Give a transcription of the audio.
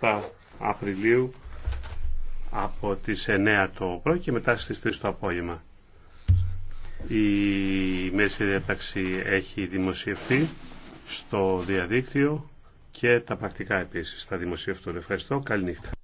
17 Απριλίου από τις 9 το πρωί και μετά στις 3 το απόγευμα. Η μέση διαταξή έχει δημοσιευτεί στο διαδίκτυο και τα πρακτικά επίσης θα δημοσιευτούν. Ευχαριστώ. Καληνύχτα.